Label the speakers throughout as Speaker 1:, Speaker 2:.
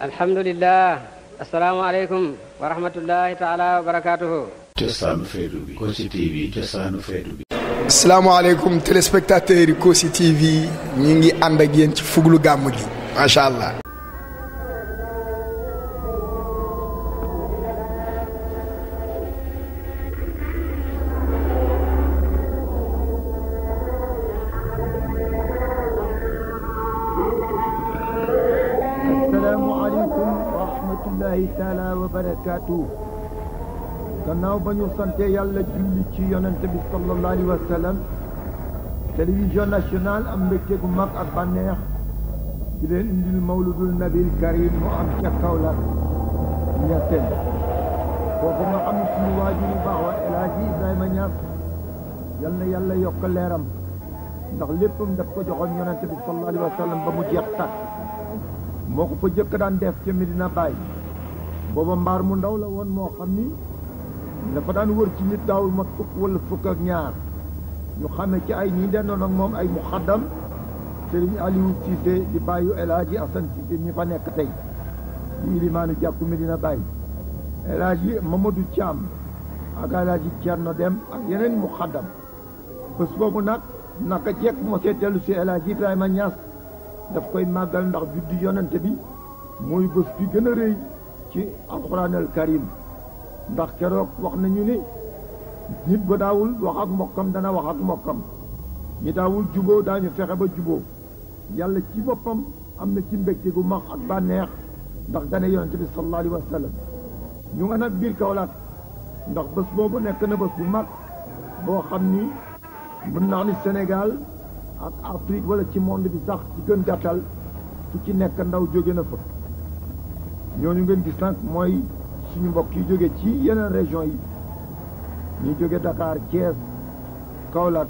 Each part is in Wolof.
Speaker 1: alhamdulillah asalaamaaleykum wa rahmatullahi taala wa barakaatuhu. cosaanu feetu bi Kossy TV cosaanu feetu bi. asalaamaaleykum téléspectateurs yi Kossy TV ñu ngi ànd ak yéen ci fuglu gàmm gi macha allah.
Speaker 2: الله تعالى وبركاته كناو بنيو سانتي يالا جولي تي يونت بي صلى الله عليه وسلم تلفزيون ناسيونال ام بكيك ماك اك بانير دي لين اندي المولود النبي الكريم مو ام تي كاولا نياتن بوكو ما خام سي واجي لي باوا الهي دايما نياف يالنا يالا يوك ليرام ndax leppam daf ko joxon yonent bi sallallahu alaihi wasallam ba mu jeex tak moko fa jëk daan def ci medina baye booba mbaar mu ndaw la woon moo xam ni dafa daan wër ci nit daawul ma fukk wala fukk ak ñaar ñu xame ci ay ñi dendoon ak moom ay muxaddam Serigne Aliou Cissé di bàyyu El Hadji Assane Cissé mi fa nekk tey di ilimaanu jàkku Medina Baye El Hadji Mamadou Thiam ak El Hadji Thierno Dem ak yeneen muxaddam bés boobu nag naka jekk moo see tellu si El Hadji Ibrahima Niass daf koy màggal ndax juddi yonente bi mooy bés bi gën a rëy ci alquranal karim ndax keroog wax nañu ni nit ba daawul wax ak mbokkam dana wax ak mbokkam ñi daawul juboo daañu fexe ba juboo yàlla ci boppam am na ci mbégte gu mag ak bànneex ndax dana yonente bi sallallahu alayhi ñu nga nag biir Kaolack ndax bés boobu nekk na bés bu mag boo xam ni mën naa ni senegaal ak Afrique wala ci monde bi sax ci gën gàttal fu ci nekk ndaw jóge na fa ñooñu ngeen gis nag mooy suñu mbokk yi jóge ci yeneen région yi ñu jóge Dakar Thiès Kaolack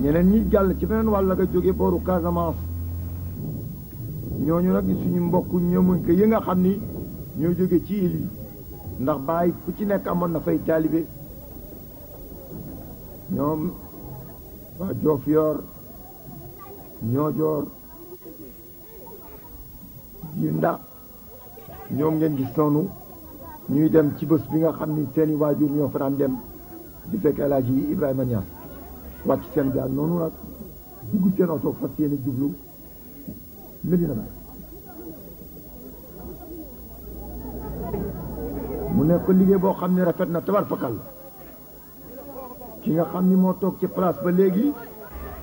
Speaker 2: ñeneen ñi jàll ci beneen wàll nga jóge booru Casamance ñooñu nag suñu mbokk ñëmuñ ko yi nga xam ni ñoo jóge ci île yi ndax bàyyi ku ci nekk amoon na fay taalibe ñoom waa Diofior ñoo joor yu ndax ñoom ngeen gis noonu ñuy dem ci bés bi nga xam ni seeni waajur ñoo fa dem di fekk El Ibrahima Niass wàcc seen gaal noonu nag dugg seen oto fas yéene jublu Medina Baye mu nekk liggéey boo xam ne rafet na tabar fakal ki nga xam ni moo toog ci place ba léegi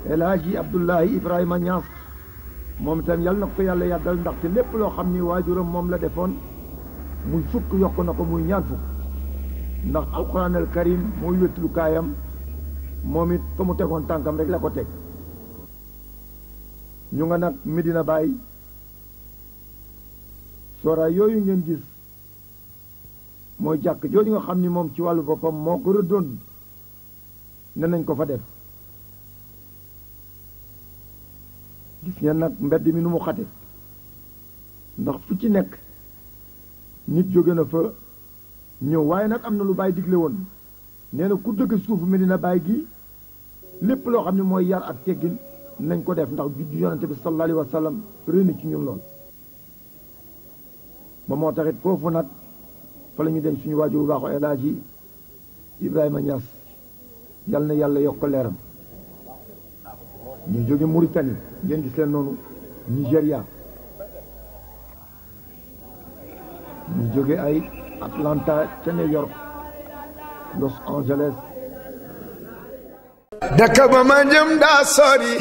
Speaker 2: El Hadji Abdoulaye Ibrahima Niass moom itam yàlla na ko yàlla yàggal ndaxte lépp loo xam ni waajuram moom la defoon muy fukk yokk na ko muy ñaar fukk ndax alquran al karim mooy wétlu kaayam moom it fa mu tegoon tànkam rek la ko teg ñu nga nag Medina bàyyi sora yooyu ngeen gis mooy jàkk jooju nga xam ni moom ci wàllu boppam moo ko rëddoon ne nañ ko fa def gis ngeen nag mbedd mi nu mu xate ndax fu ci nekk nit jóge na fa ñëw waaye nag am na lu Baye digle woon nee na ku dëkk suufu Medina Baye gi lépp loo xam ne mooy yar ak teggin nañ ko def ndax juddu yonante bi sallallahu alayhi wa sallam ni ci ñun lool ba moo taxit foofu nag fa la ñu dem suñu waajur bu baaxu El Hadji Ibrahima Niass yal na yàlla yokk leeram ñu jóge Mauritanie ngeen gis leen noonu Nigéria ñu jóge ay
Speaker 1: Atlanta ca New York Los Angeles dëkk ba ma jëm daa sori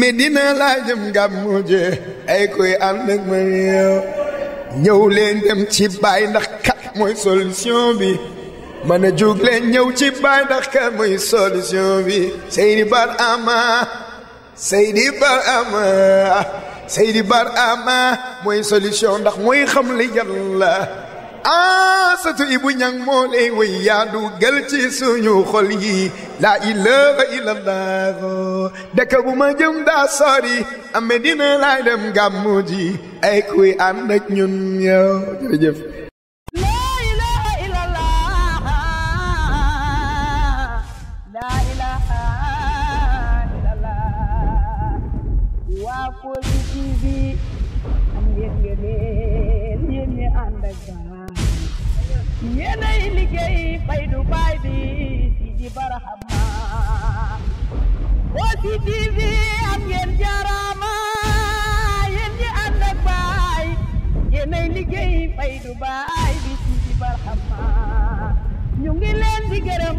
Speaker 1: Medina laa jëm gàmmu je ay koy ànd ak ma ñëw leen dem ci bàyyi ndax kat mooy solution bi ma ne jug leen ñëw ci baay ndax kan muy solution bi Seydi Barhama Seydi Barhama Seydi Barhama mooy solution ndax mooy xam li yàlla ah satu Ibou Niang moo lay wéy yaa dugal ci suñu xol yi laa ilaaha illallah dëkk bu ma jëm daa sori am Medina laay dem gàmmu ji ay kuy ànd ak ñun yow jërëjëf yéenay liggéey faydu baay bi si ji ñu ngi leen di gërëm